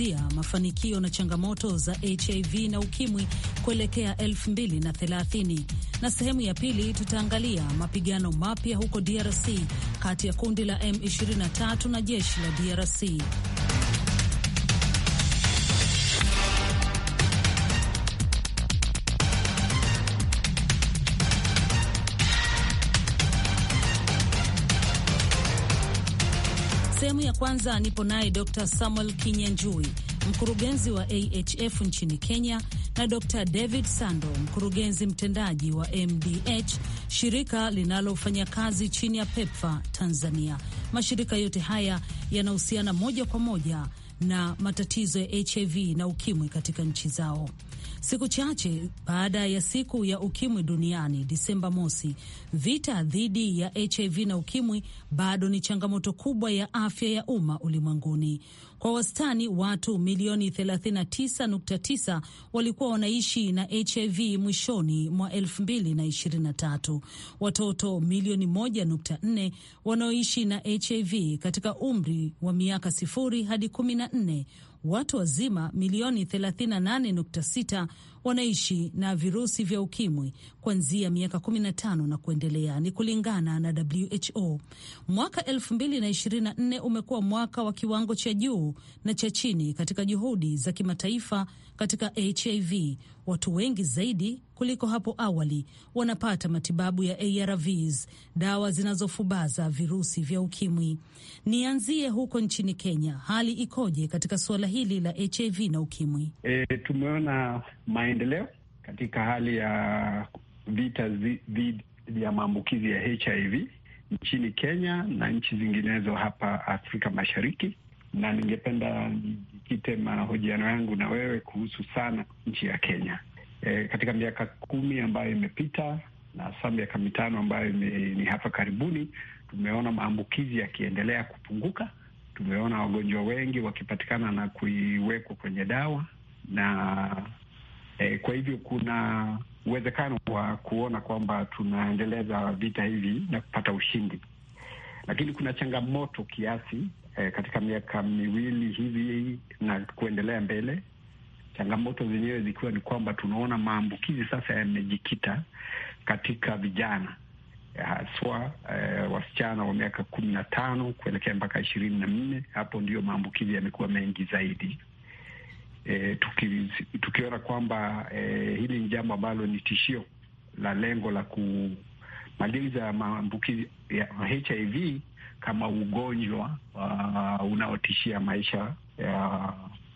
kuzungumzia mafanikio na changamoto za HIV na ukimwi kuelekea 2030 na sehemu ya pili tutaangalia mapigano mapya huko DRC kati ya kundi la M23 na jeshi la DRC. kwanza nipo naye Dr Samuel Kinyanjui, mkurugenzi wa AHF nchini Kenya, na Dr David Sando, mkurugenzi mtendaji wa MDH, shirika linalofanya kazi chini ya PEPFA Tanzania. Mashirika yote haya yanahusiana moja kwa moja na matatizo ya HIV na ukimwi katika nchi zao. Siku chache baada ya siku ya ukimwi duniani Disemba mosi, vita dhidi ya HIV na ukimwi bado ni changamoto kubwa ya afya ya umma ulimwenguni. Kwa wastani watu milioni 39.9 walikuwa wanaishi na HIV mwishoni mwa 2023. Watoto milioni 1.4 wanaoishi na HIV katika umri wa miaka sifuri hadi 14 watu wazima milioni 38.6 wanaishi na virusi vya ukimwi kuanzia miaka 15 na kuendelea, ni kulingana na WHO. Mwaka 2024 umekuwa mwaka wa kiwango cha juu na cha chini katika juhudi za kimataifa katika HIV. Watu wengi zaidi kuliko hapo awali wanapata matibabu ya ARVs, dawa zinazofubaza virusi vya ukimwi. Nianzie huko nchini Kenya, hali ikoje katika suala hili la HIV na ukimwi? E, tumeona maendeleo katika hali ya vita dhidi ya maambukizi ya HIV nchini Kenya na nchi zinginezo hapa Afrika Mashariki, na ningependa nijikite mahojiano yangu na wewe kuhusu sana nchi ya Kenya. E, katika miaka kumi ambayo imepita na sa miaka mitano ambayo ni hapa karibuni, tumeona maambukizi yakiendelea kupunguka. Tumeona wagonjwa wengi wakipatikana na kuiwekwa kwenye dawa na E, kwa hivyo kuna uwezekano wa kuona kwamba tunaendeleza vita hivi na kupata ushindi, lakini kuna changamoto kiasi e, katika miaka miwili hivi na kuendelea mbele, changamoto zenyewe zikiwa ni kwamba tunaona maambukizi sasa yamejikita katika vijana haswa e, wasichana wa miaka kumi na tano kuelekea mpaka ishirini na nne. Hapo ndiyo maambukizi yamekuwa mengi zaidi e, tukiona tuki kwamba e, hili ni jambo ambalo ni tishio la lengo la kumaliza maambukizi ya HIV kama ugonjwa uh, unaotishia maisha ya,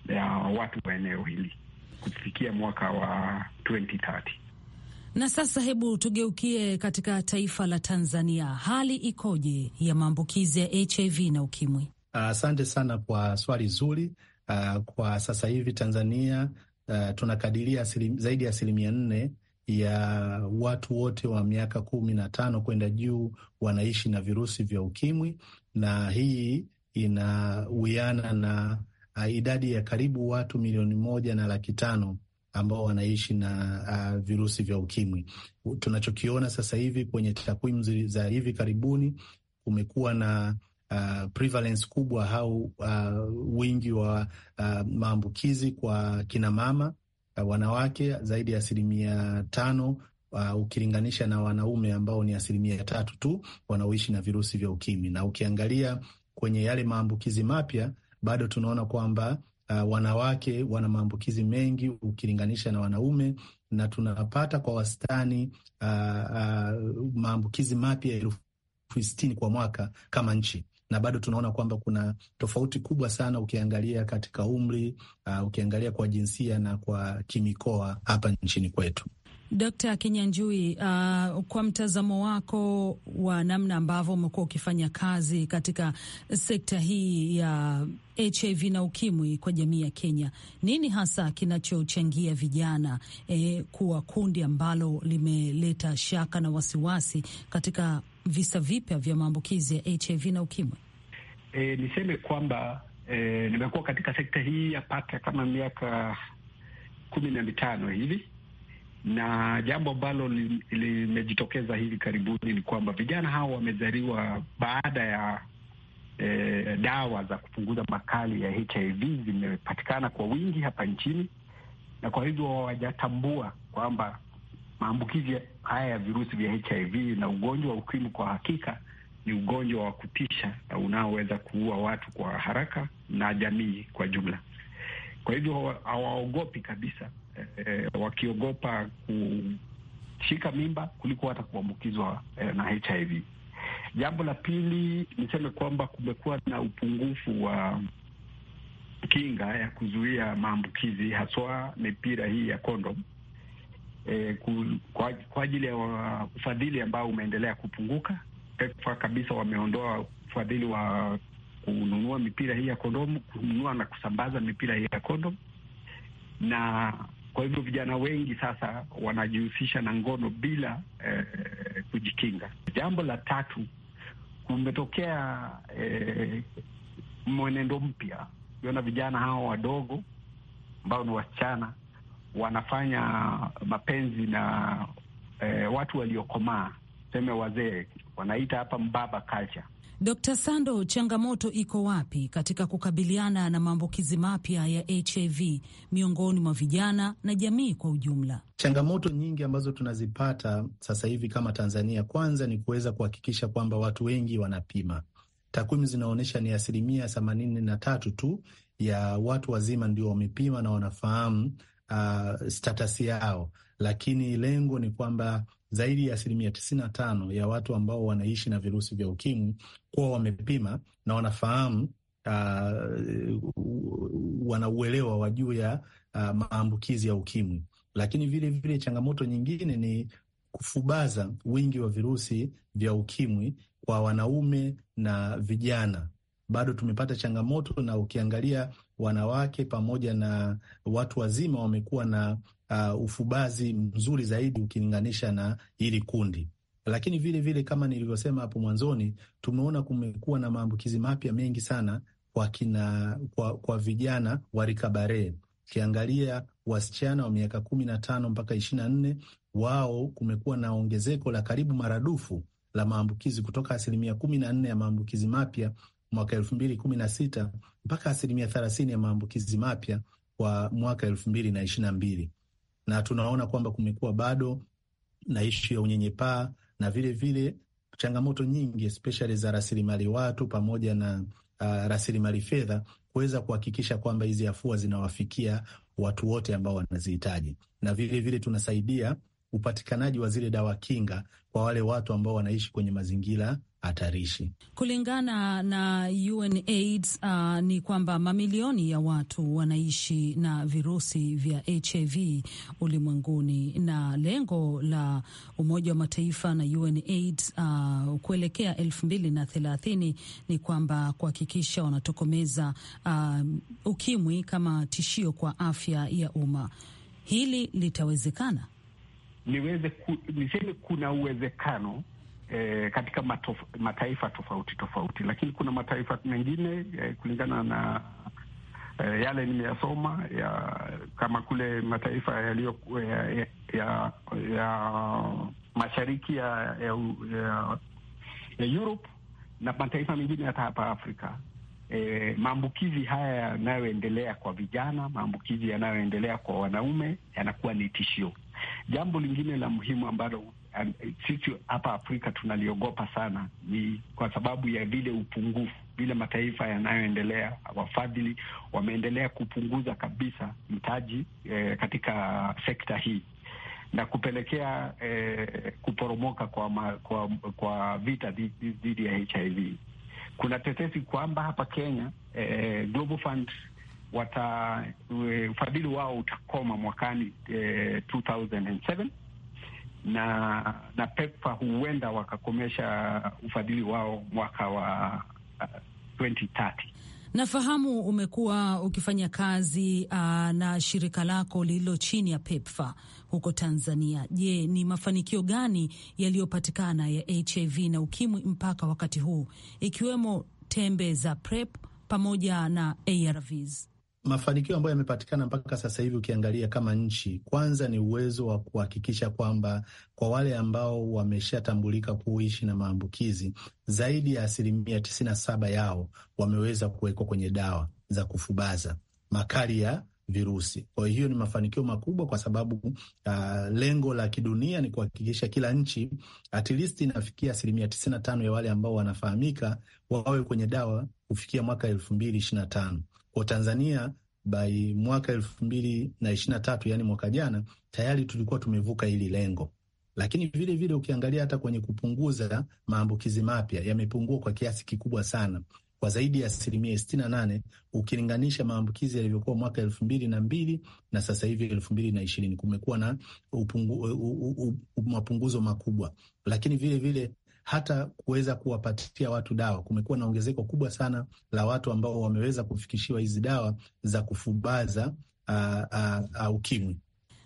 ya watu wa eneo hili kufikia mwaka wa 2030. Na sasa hebu tugeukie katika taifa la Tanzania, hali ikoje ya maambukizi ya HIV na ukimwi? Asante uh, sana kwa swali zuri Uh, kwa sasa hivi Tanzania uh, tunakadiria zaidi ya asilimia nne ya watu wote wa miaka kumi na tano kwenda juu wanaishi na virusi vya ukimwi, na hii inawiana na uh, idadi ya karibu watu milioni moja na laki tano ambao wanaishi na uh, virusi vya ukimwi. Tunachokiona sasa hivi kwenye takwimu za hivi karibuni, kumekuwa na uh, prevalence kubwa au uh, wingi wa uh, maambukizi kwa kinamama uh, wanawake zaidi ya asilimia tano Uh, ukilinganisha na wanaume ambao ni asilimia tatu tu wanaoishi na virusi vya ukimwi. Na ukiangalia kwenye yale maambukizi mapya bado tunaona kwamba uh, wanawake wana maambukizi mengi ukilinganisha na wanaume, na tunapata kwa wastani uh, uh, maambukizi mapya elfu sitini kwa mwaka kama nchi na bado tunaona kwamba kuna tofauti kubwa sana ukiangalia katika umri uh, ukiangalia kwa jinsia na kwa kimikoa hapa nchini kwetu. Dkt. Kinyanjui, uh, kwa mtazamo wako wa namna ambavyo umekuwa ukifanya kazi katika sekta hii ya HIV na ukimwi kwa jamii ya Kenya, nini hasa kinachochangia vijana eh, kuwa kundi ambalo limeleta shaka na wasiwasi katika visa vipya vya maambukizi ya HIV na ukimwi? E, niseme kwamba e, nimekuwa katika sekta hii yapata kama miaka kumi na mitano hivi na jambo ambalo limejitokeza hivi karibuni ni kwamba vijana hao wamezaliwa baada ya e, dawa za kupunguza makali ya HIV zimepatikana kwa wingi hapa nchini, na kwa hivyo hawajatambua kwamba maambukizi haya ya virusi vya HIV na ugonjwa wa ukimwi kwa hakika ni ugonjwa wa kutisha na unaoweza kuua watu kwa haraka na jamii kwa jumla. Kwa hivyo hawaogopi kabisa e, wakiogopa kushika mimba kuliko hata kuambukizwa e, na HIV. Jambo la pili niseme kwamba kumekuwa na upungufu wa kinga ya kuzuia maambukizi, haswa mipira hii ya kondom eh, ku, kwa, kwa ajili ya ufadhili ambao umeendelea kupunguka. PEPFAR kabisa wameondoa ufadhili wa kununua mipira hii ya kondomu, kununua na kusambaza mipira hii ya kondomu, na kwa hivyo vijana wengi sasa wanajihusisha na ngono bila eh, kujikinga. Jambo la tatu, kumetokea eh, mwenendo mpya ukiona vijana hawa wadogo ambao ni wasichana wanafanya mapenzi na e, watu waliokomaa, tuseme wazee, wanaita hapa mbaba culture. d Sando, changamoto iko wapi katika kukabiliana na maambukizi mapya ya HIV miongoni mwa vijana na jamii kwa ujumla? Changamoto nyingi ambazo tunazipata sasa hivi kama Tanzania, kwanza ni kuweza kuhakikisha kwamba watu wengi wanapima. Takwimu zinaonyesha ni asilimia themanini na tatu tu ya watu wazima ndio wamepima na wanafahamu uh, status yao, lakini lengo ni kwamba zaidi ya asilimia tisini na tano ya watu ambao wanaishi na virusi vya ukimwi kuwa wamepima na wanafahamu uh, wanauelewa wa juu ya uh, maambukizi ya ukimwi. Lakini vilevile vile changamoto nyingine ni kufubaza wingi wa virusi vya ukimwi kwa wanaume na vijana. Bado tumepata changamoto, na ukiangalia wanawake pamoja na watu wazima wamekuwa na uh, ufubazi mzuri zaidi ukilinganisha na hili kundi lakini vile vile kama nilivyosema hapo mwanzoni, tumeona kumekuwa na maambukizi mapya mengi sana kwa kina, kwa, kwa vijana wa rika Ukiangalia wasichana wa miaka kumi na tano mpaka ishirini na nne wao kumekuwa na ongezeko la karibu maradufu la maambukizi kutoka asilimia kumi na nne ya maambukizi mapya mwaka elfu mbili kumi na sita mpaka asilimia thelathini ya maambukizi mapya kwa mwaka elfu mbili na ishirini na mbili na tunaona kwamba kumekuwa bado na ishu ya unyenyepaa na vilevile vile changamoto nyingi especially za rasilimali watu pamoja na uh, rasilimali fedha kuweza kuhakikisha kwamba hizi afua zinawafikia watu wote ambao wanazihitaji, na vilevile vile tunasaidia upatikanaji wa zile dawa kinga kwa wale watu ambao wanaishi kwenye mazingira hatarishi. Kulingana na UNAIDS, uh, ni kwamba mamilioni ya watu wanaishi na virusi vya HIV ulimwenguni, na lengo la Umoja wa Mataifa na UNAIDS uh, kuelekea elfu mbili na thelathini ni kwamba kuhakikisha wanatokomeza uh, ukimwi kama tishio kwa afya ya umma. Hili litawezekana? Niweze ku, niseme kuna uwezekano e, katika matof, mataifa tofauti tofauti, lakini kuna mataifa mengine e, kulingana na e, yale nimeyasoma ya, kama kule mataifa yaliyo ya, ya, ya, ya mashariki ya, ya, ya, ya Europe na mataifa mengine hata hapa Afrika. E, maambukizi haya yanayoendelea kwa vijana, maambukizi yanayoendelea kwa wanaume yanakuwa ni tishio. Jambo lingine la muhimu ambalo sisi hapa Afrika tunaliogopa sana, ni kwa sababu ya vile upungufu vile mataifa yanayoendelea wafadhili wameendelea kupunguza kabisa mtaji eh, katika sekta hii na kupelekea eh, kuporomoka kwa, ma, kwa kwa vita dhidi ya HIV. Kuna tetesi kwamba hapa Kenya eh, Global Fund wata eh, ufadhili wao utakoma mwakani eh, na na PEPFA huenda wakakomesha ufadhili wao mwaka wa uh, 2030. Nafahamu umekuwa ukifanya kazi aa, uh, na shirika lako lililo chini ya PEPFA huko Tanzania. Je, ni mafanikio gani yaliyopatikana ya HIV na ukimwi mpaka wakati huu, ikiwemo tembe za PrEP pamoja na ARVs? mafanikio ambayo yamepatikana mpaka sasa hivi, ukiangalia kama nchi, kwanza ni uwezo wa kuhakikisha kwamba kwa wale ambao wameshatambulika kuishi na maambukizi, zaidi ya asilimia tisini na saba yao wameweza kuwekwa kwenye dawa za kufubaza makali ya virusi. Kwa hiyo ni mafanikio makubwa, kwa sababu uh, lengo la kidunia ni kuhakikisha kila nchi at least inafikia asilimia tisini na tano ya wale ambao wanafahamika wawe kwenye dawa kufikia mwaka elfu mbili ishirini na tano tanzania by mwaka elfu mbili na ishirini na tatu yani mwaka jana tayari tulikuwa tumevuka hili lengo, lakini vilevile vile ukiangalia hata kwenye kupunguza maambukizi mapya yamepungua kwa kiasi kikubwa sana kwa zaidi ya asilimia sitini na nane ukilinganisha maambukizi yalivyokuwa mwaka elfu mbili na mbili na sasa hivi elfu mbili na ishirini kumekuwa na mapunguzo makubwa, lakini vilevile hata kuweza kuwapatia watu dawa. Kumekuwa na ongezeko kubwa sana la watu ambao wameweza kufikishiwa hizi dawa za kufubaza a, a, a ukimwi.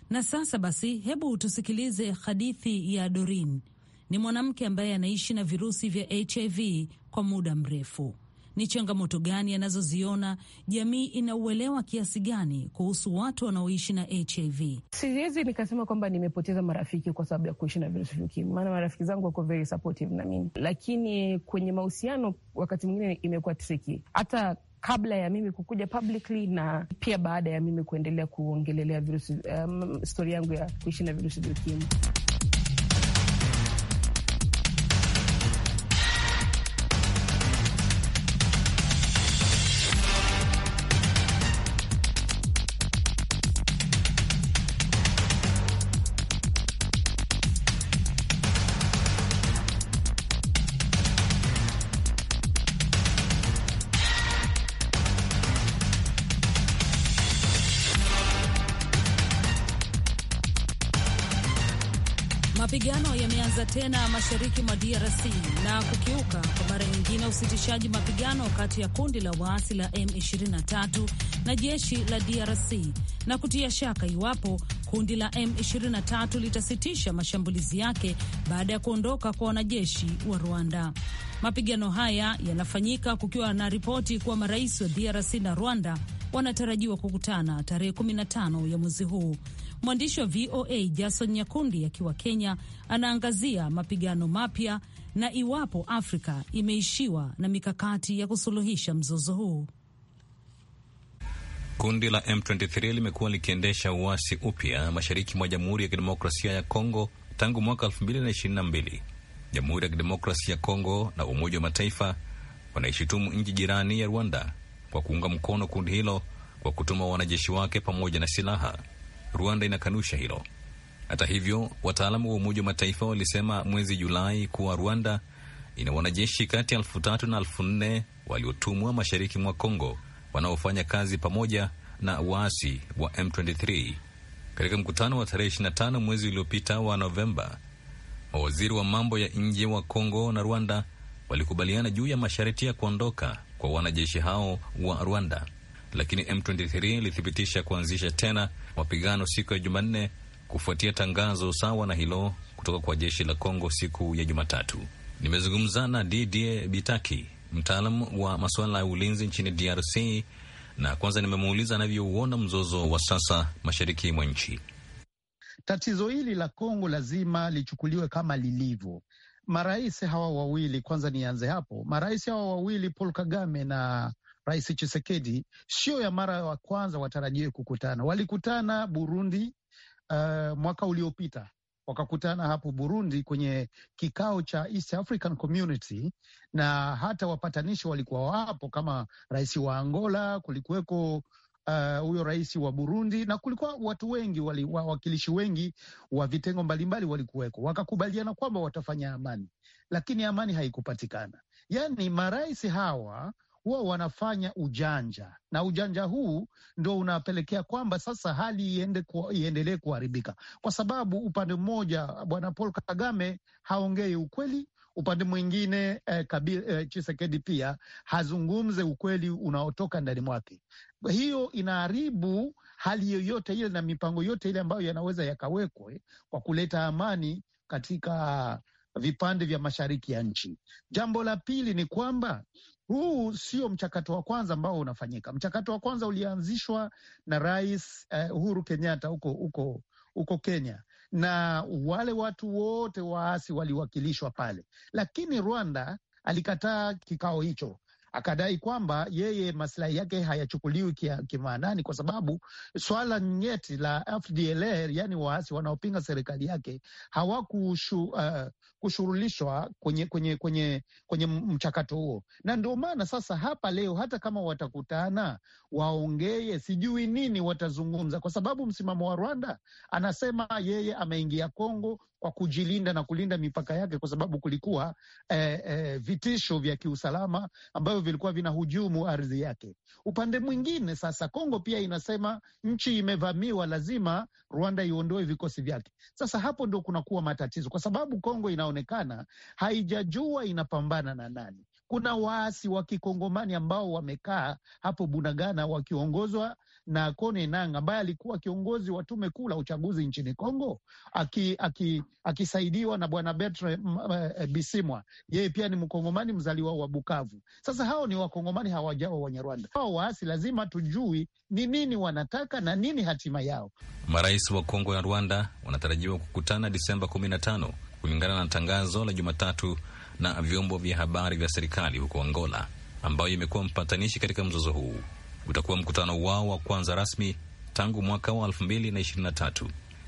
Na sasa basi, hebu tusikilize hadithi ya Doreen. Ni mwanamke ambaye anaishi na virusi vya HIV kwa muda mrefu ni changamoto gani anazoziona, jamii inauelewa kiasi gani kuhusu watu wanaoishi na HIV. Siwezi nikasema kwamba nimepoteza marafiki kwa sababu ya kuishi na virusi vya ukimwi, maana marafiki zangu wako very supportive na mimi, lakini kwenye mahusiano wakati mwingine imekuwa triki hata kabla ya mimi kukuja publicly na pia baada ya mimi kuendelea kuongelelea virusi um, stori yangu ya kuishi na virusi vya ukimwi. Mapigano yameanza tena mashariki mwa DRC na kukiuka kwa mara nyingine usitishaji mapigano kati ya kundi la waasi la M23 na jeshi la DRC na kutia shaka iwapo kundi la M23 litasitisha mashambulizi yake baada ya kuondoka kwa wanajeshi wa Rwanda. Mapigano haya yanafanyika kukiwa na ripoti kuwa marais wa DRC na Rwanda wanatarajiwa kukutana tarehe 15 ya mwezi huu. Mwandishi wa VOA Jason Nyakundi akiwa Kenya anaangazia mapigano mapya na iwapo Afrika imeishiwa na mikakati ya kusuluhisha mzozo huu. Kundi la M23 limekuwa likiendesha uasi upya mashariki mwa Jamhuri ya Kidemokrasia ya Kongo tangu mwaka 2022. Jamhuri ya Kidemokrasia ya Kongo na Umoja wa Mataifa wanaishutumu nchi jirani ya Rwanda kwa kuunga mkono kundi hilo kwa kutuma wanajeshi wake pamoja na silaha. Rwanda inakanusha hilo. Hata hivyo, wataalamu wa Umoja wa Mataifa walisema mwezi Julai kuwa Rwanda ina wanajeshi kati ya elfu tatu na elfu nne waliotumwa mashariki mwa Kongo wanaofanya kazi pamoja na waasi wa M23. Katika mkutano wa tarehe 25 mwezi uliopita wa Novemba, mawaziri wa mambo ya nje wa Kongo na Rwanda walikubaliana juu ya masharti ya kuondoka kwa wanajeshi hao wa Rwanda, lakini M23 ilithibitisha kuanzisha tena mapigano siku ya Jumanne kufuatia tangazo sawa na hilo kutoka kwa jeshi la Kongo siku ya Jumatatu. Nimezungumzana Didie Bitaki, mtaalam wa masuala ya ulinzi nchini DRC, na kwanza nimemuuliza anavyouona mzozo wa sasa mashariki mwa nchi. Tatizo hili la Kongo lazima lichukuliwe kama lilivyo. Marais hawa wawili kwanza, nianze hapo. Marais hawa wawili Paul Kagame na Rais Chisekedi, sio ya mara ya kwanza watarajie kukutana. Walikutana Burundi uh, mwaka uliopita wakakutana hapo Burundi kwenye kikao cha East African Community na hata wapatanishi walikuwa wapo kama rais wa Angola, kulikuweko eh, huyo uh, rais wa Burundi na kulikuwa watu wengi wali, wawakilishi wengi wa vitengo mbalimbali walikuweko, wakakubaliana kwamba watafanya amani, lakini amani haikupatikana. yani marais hawa huwa wanafanya ujanja, na ujanja huu ndo unapelekea kwamba sasa hali iende ku, iendelee kuharibika, kwa sababu upande mmoja bwana Paul Kagame haongei ukweli upande mwingine eh, eh, Chisekedi pia hazungumze ukweli unaotoka ndani mwake. Hiyo inaharibu hali yoyote ile na mipango yote ile ambayo yanaweza yakawekwe kwa kuleta amani katika vipande vya mashariki ya nchi. Jambo la pili ni kwamba huu sio mchakato wa kwanza ambao unafanyika. Mchakato wa kwanza ulianzishwa na Rais eh, Uhuru Kenyatta huko huko huko Kenya, na wale watu wote waasi waliwakilishwa pale, lakini Rwanda alikataa kikao hicho akadai kwamba yeye masilahi yake hayachukuliwi kimaanani kwa sababu swala nyeti la FDLR, yani waasi wanaopinga serikali yake hawakushughulishwa uh, kwenye, kwenye, kwenye, kwenye mchakato huo, na ndio maana sasa hapa leo hata kama watakutana waongee, sijui nini watazungumza, kwa sababu msimamo wa Rwanda anasema yeye ameingia Kongo kwa kujilinda na kulinda mipaka yake, kwa sababu kulikuwa eh, eh, vitisho vya kiusalama ambayo ambavyo vilikuwa vinahujumu ardhi yake. Upande mwingine sasa, Kongo pia inasema nchi imevamiwa, lazima Rwanda iondoe vikosi vyake. Sasa hapo ndo kunakuwa matatizo, kwa sababu Kongo inaonekana haijajua inapambana na nani. Kuna waasi wa kikongomani ambao wamekaa hapo Bunagana wakiongozwa na Kone Nang ambaye alikuwa kiongozi wa tume kuu la uchaguzi nchini Kongo akisaidiwa aki, aki na bwana Bertre eh, Bisimwa, yeye pia ni mkongomani mzaliwa wa Bukavu. Sasa hao ni wakongomani hawajawa Wanyarwanda. Hao waasi lazima tujui ni nini wanataka na nini hatima yao. Marais wa Kongo na Rwanda wanatarajiwa kukutana Disemba 15 kulingana na tangazo la Jumatatu na vyombo vya habari vya serikali huko Angola ambayo imekuwa mpatanishi katika mzozo huu utakuwa mkutano wao wa kwanza rasmi tangu mwaka wa 2023.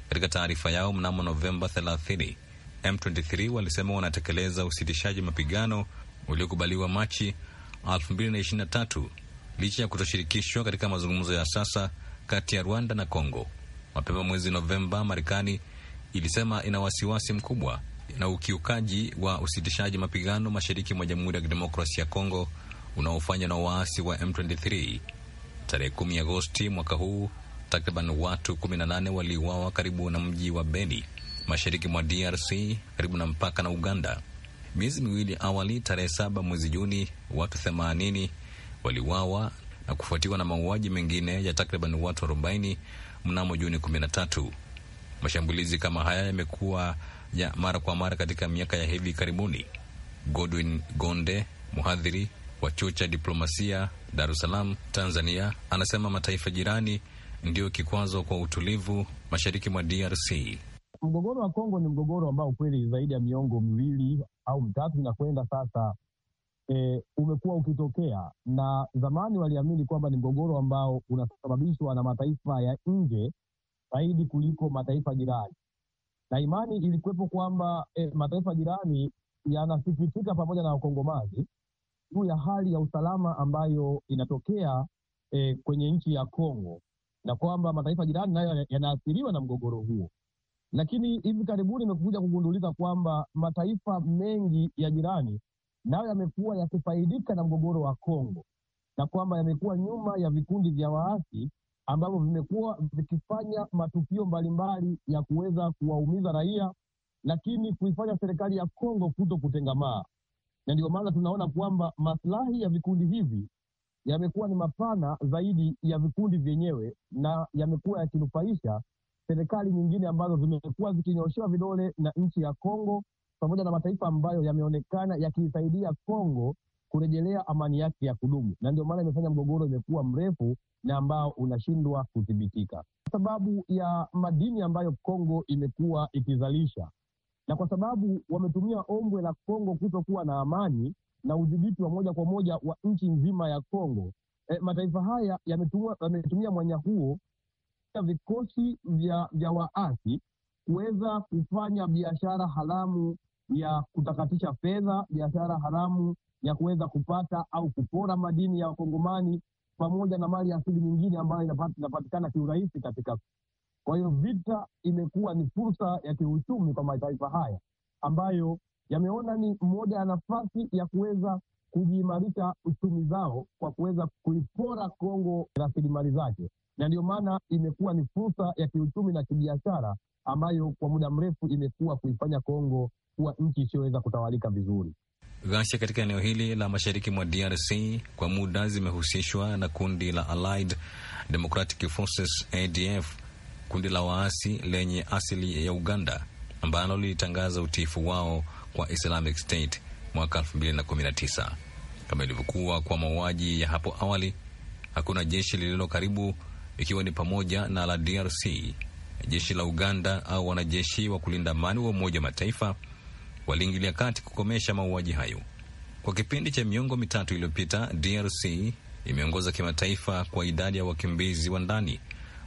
Katika taarifa yao mnamo Novemba 30, M23 walisema wanatekeleza usitishaji mapigano uliokubaliwa Machi 2023 licha ya kutoshirikishwa katika mazungumzo ya sasa kati ya Rwanda na Kongo. Mapema mwezi Novemba, Marekani ilisema ina wasiwasi mkubwa na ukiukaji wa usitishaji mapigano mashariki mwa Jamhuri ya Kidemokrasia ya Kongo unaofanywa na waasi wa M23 tarehe 10 Agosti mwaka huu, takriban watu 18 waliuawa karibu na mji wa Beni, mashariki mwa DRC, karibu na mpaka na Uganda. Miezi miwili awali, tarehe saba mwezi Juni, watu 80 waliuawa na kufuatiwa na mauaji mengine ya takriban watu 40 mnamo Juni 13. Mashambulizi kama haya yamekuwa ya mara kwa mara katika miaka ya hivi karibuni. Godwin Gonde, mhadhiri wa chuo cha diplomasia Dar es Salaam, Tanzania, anasema mataifa jirani ndiyo kikwazo kwa utulivu mashariki mwa DRC. Mgogoro wa Kongo ni mgogoro ambao kweli zaidi ya miongo miwili au mitatu inakwenda sasa, e, umekuwa ukitokea, na zamani waliamini kwamba ni mgogoro ambao unasababishwa na mataifa ya nje zaidi kuliko mataifa jirani, na imani ilikuwepo kwamba e, mataifa jirani yanasikitika pamoja na Wakongomani juu ya hali ya usalama ambayo inatokea eh, kwenye nchi ya Kongo na kwamba mataifa jirani nayo yanaathiriwa na mgogoro huo. Lakini hivi karibuni imekuja kugundulika kwamba mataifa mengi ya jirani nayo yamekuwa yakifaidika na mgogoro wa Kongo na kwamba yamekuwa nyuma ya vikundi vya waasi ambavyo vimekuwa vikifanya matukio mbalimbali ya kuweza kuwaumiza raia, lakini kuifanya serikali ya Kongo kuto kutengamaa na ndio maana tunaona kwamba maslahi ya vikundi hivi yamekuwa ni mapana zaidi ya vikundi vyenyewe na yamekuwa yakinufaisha serikali nyingine ambazo zimekuwa zikinyoshewa vidole na nchi ya Kongo pamoja na mataifa ambayo yameonekana yakiisaidia Kongo kurejelea amani yake ya kudumu, na ndio maana imefanya mgogoro imekuwa mrefu na ambao unashindwa kudhibitika, kwa sababu ya madini ambayo Kongo imekuwa ikizalisha na kwa sababu wametumia ombwe la Kongo kutokuwa na amani na udhibiti wa moja kwa moja wa nchi nzima ya Kongo. E, mataifa haya yametumia, mwanya huo ya vikosi vya, vya waasi kuweza kufanya biashara haramu ya kutakatisha fedha, biashara haramu ya kuweza kupata au kupora madini ya Wakongomani pamoja na mali asili nyingine ambayo inapatikana kiurahisi katika kwa hiyo vita imekuwa ni fursa ya kiuchumi kwa mataifa haya ambayo yameona ni moja ya nafasi ya kuweza kujiimarisha uchumi zao kwa kuweza kuipora Kongo rasilimali zake, na ndiyo maana imekuwa ni fursa ya kiuchumi na kibiashara ambayo kwa muda mrefu imekuwa kuifanya Kongo kuwa nchi isiyoweza kutawalika vizuri. Ghasia katika eneo hili la mashariki mwa DRC kwa muda zimehusishwa na kundi la Allied Democratic Forces ADF kundi la waasi lenye asili ya Uganda ambalo lilitangaza utiifu wao kwa Islamic State mwaka 2019. Kama ilivyokuwa kwa mauaji ya hapo awali, hakuna jeshi lililo karibu, ikiwa ni pamoja na la DRC, jeshi la Uganda au wanajeshi wa kulinda amani wa Umoja wa Mataifa waliingilia kati kukomesha mauaji hayo. Kwa kipindi cha miongo mitatu iliyopita, DRC imeongoza kimataifa kwa idadi ya wakimbizi wa ndani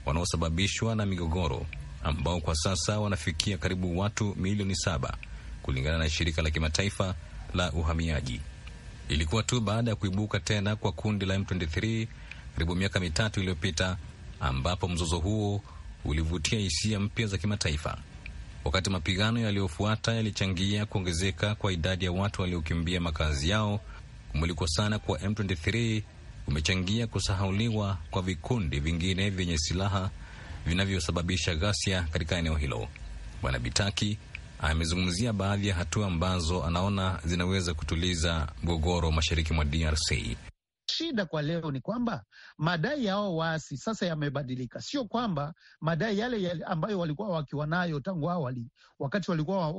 wanaosababishwa na migogoro ambao kwa sasa wanafikia karibu watu milioni saba kulingana na shirika la kimataifa la uhamiaji. Ilikuwa tu baada ya kuibuka tena kwa kundi la M23 karibu miaka mitatu iliyopita ambapo mzozo huo ulivutia hisia mpya za kimataifa, wakati mapigano yaliyofuata yalichangia kuongezeka kwa idadi ya watu waliokimbia makazi yao. Kumulikwa sana kwa M23 umechangia kusahauliwa kwa vikundi vingine vyenye silaha vinavyosababisha ghasia katika eneo hilo. Bwana Bitaki amezungumzia baadhi ya hatua ambazo anaona zinaweza kutuliza mgogoro mashariki mwa DRC. Shida kwa leo ni kwamba madai yao waasi sasa yamebadilika, sio kwamba madai yale, yale ambayo walikuwa wakiwa nayo tangu awali wakati walikuwa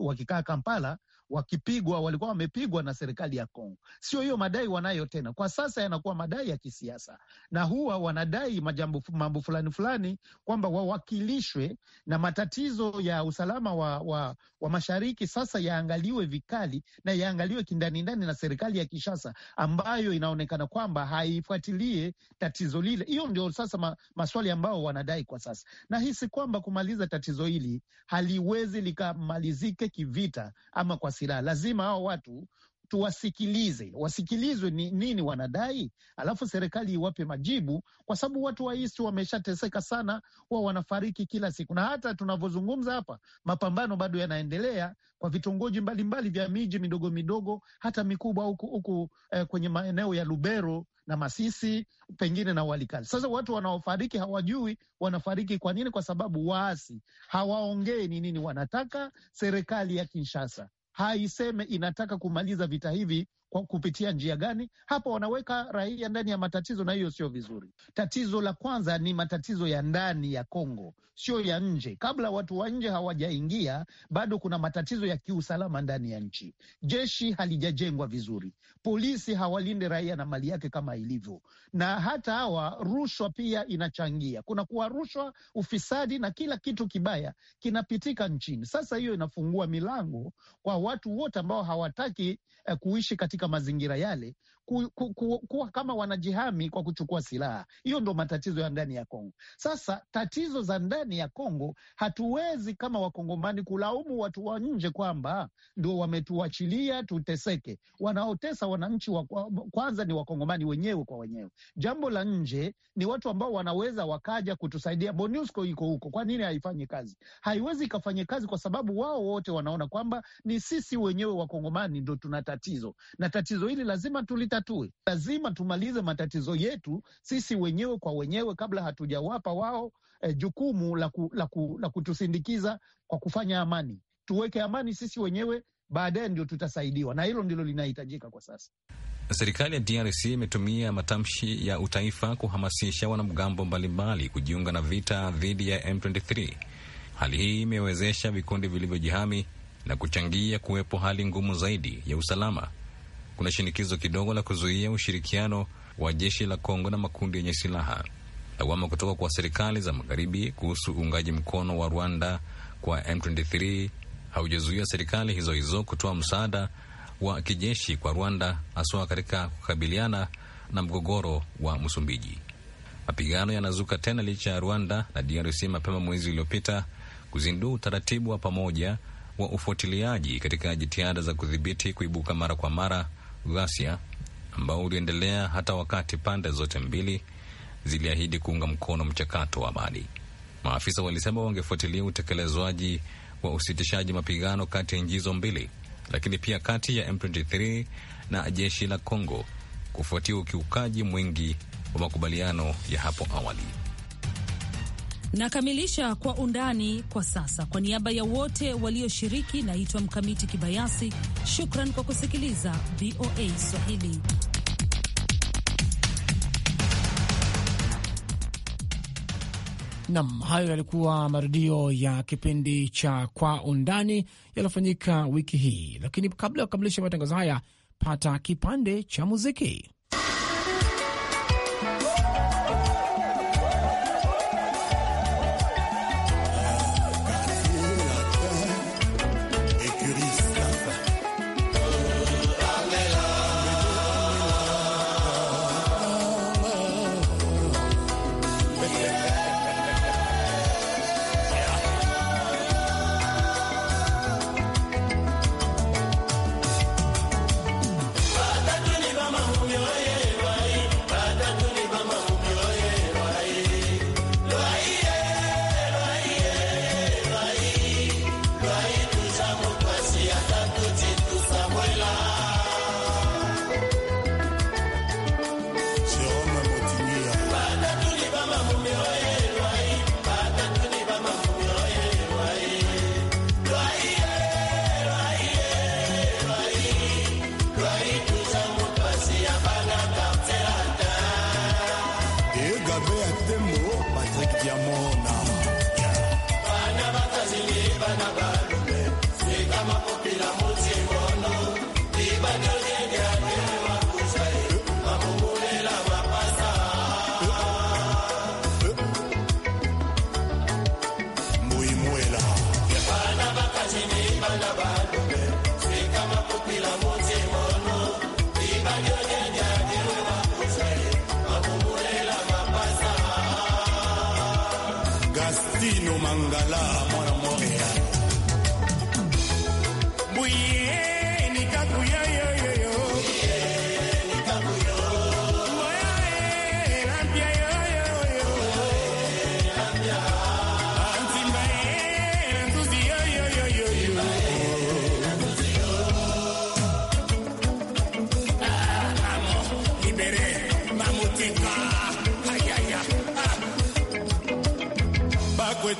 wakikaa Kampala wakipigwa walikuwa wamepigwa na serikali ya Kongo. Sio hiyo madai wanayo tena kwa sasa, yanakuwa madai ya kisiasa, na huwa wanadai majambo, mambo fulani fulani kwamba wawakilishwe na matatizo ya usalama wa, wa, wa mashariki sasa yaangaliwe vikali na yaangaliwe kindani ndani na serikali ya kishasa ambayo inaonekana kwamba haifuatilie tatizo lile. Hiyo ndio sasa ma, maswali ambao wanadai kwa sasa. Nahisi kwamba kumaliza tatizo hili haliwezi likamalizike kivita ama kwa silaha. Lazima hao watu tuwasikilize, wasikilizwe ni nini wanadai, alafu serikali iwape majibu, kwa sababu watu wa East wameshateseka sana, wao wanafariki kila siku, na hata tunavyozungumza hapa, mapambano bado yanaendelea kwa vitongoji mbalimbali vya miji midogo midogo, hata mikubwa huku huku, eh, kwenye maeneo ya Lubero na Masisi pengine na Walikali. Sasa watu wanaofariki hawajui wanafariki kwa nini, kwa sababu waasi hawaongei ni nini wanataka. Serikali ya Kinshasa haiseme inataka kumaliza vita hivi kwa kupitia njia gani? Hapa wanaweka raia ndani ya matatizo, na hiyo sio vizuri. Tatizo la kwanza ni matatizo ya ndani ya Kongo, sio ya nje. Kabla watu wa nje hawajaingia, bado kuna matatizo ya kiusalama ndani ya nchi. Jeshi halijajengwa vizuri, polisi hawalinde raia na mali yake kama ilivyo, na hata hawa rushwa pia inachangia. Kuna kuwa rushwa, ufisadi na kila kitu kibaya kinapitika nchini. Sasa hiyo inafungua milango kwa watu wote ambao hawataki eh, kuishi katika katika mazingira yale ku, ku, ku, kuwa kama wanajihami kwa kuchukua silaha. Hiyo ndo matatizo ya ndani ya Kongo. Sasa tatizo za ndani ya Kongo hatuwezi kama wakongomani kulaumu watu wa nje kwamba ndo wametuachilia tuteseke. Wanaotesa wananchi wa kwanza ni wakongomani wenyewe kwa wenyewe. Jambo la nje ni watu ambao wanaweza wakaja kutusaidia. Monusco iko huko, kwa nini haifanyi kazi? Haiwezi ikafanya kazi kwa sababu wao wote wanaona kwamba ni sisi wenyewe wakongomani ndo tuna tatizo, na tatizo hili lazima tulita itatue. Lazima tumalize matatizo yetu sisi wenyewe kwa wenyewe kabla hatujawapa wao eh, jukumu la, ku, la, ku, la kutusindikiza kwa kufanya amani. Tuweke amani sisi wenyewe, baadaye ndio tutasaidiwa, na hilo ndilo linahitajika kwa sasa. Serikali ya DRC imetumia matamshi ya utaifa kuhamasisha wanamgambo mbalimbali kujiunga na vita dhidi ya M23. Hali hii imewezesha vikundi vilivyojihami na kuchangia kuwepo hali ngumu zaidi ya usalama kuna shinikizo kidogo la kuzuia ushirikiano wa jeshi la Kongo na makundi yenye silaha. Lawama kutoka kwa serikali za magharibi kuhusu uungaji mkono wa Rwanda kwa M23 haujazuia serikali hizo hizo kutoa msaada wa kijeshi kwa Rwanda, haswa katika kukabiliana na mgogoro wa Msumbiji. Mapigano yanazuka tena licha ya Rwanda na DRC mapema mwezi uliopita kuzindua utaratibu wa pamoja wa ufuatiliaji katika jitihada za kudhibiti kuibuka mara kwa mara ghasia ambao uliendelea hata wakati pande zote mbili ziliahidi kuunga mkono mchakato wa amani. Maafisa walisema wangefuatilia utekelezwaji wa usitishaji mapigano kati ya nchi hizo mbili, lakini pia kati ya M23 na jeshi la Kongo kufuatia ukiukaji mwingi wa makubaliano ya hapo awali. Nakamilisha kwa undani kwa sasa. Kwa niaba ya wote walioshiriki, naitwa Mkamiti Kibayasi. Shukran kwa kusikiliza VOA Swahili. Nam, hayo yalikuwa marudio ya kipindi cha Kwa Undani yaliyofanyika wiki hii, lakini kabla ya kukamilisha matangazo haya, pata kipande cha muziki.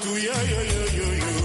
tu ya ya ya ya ya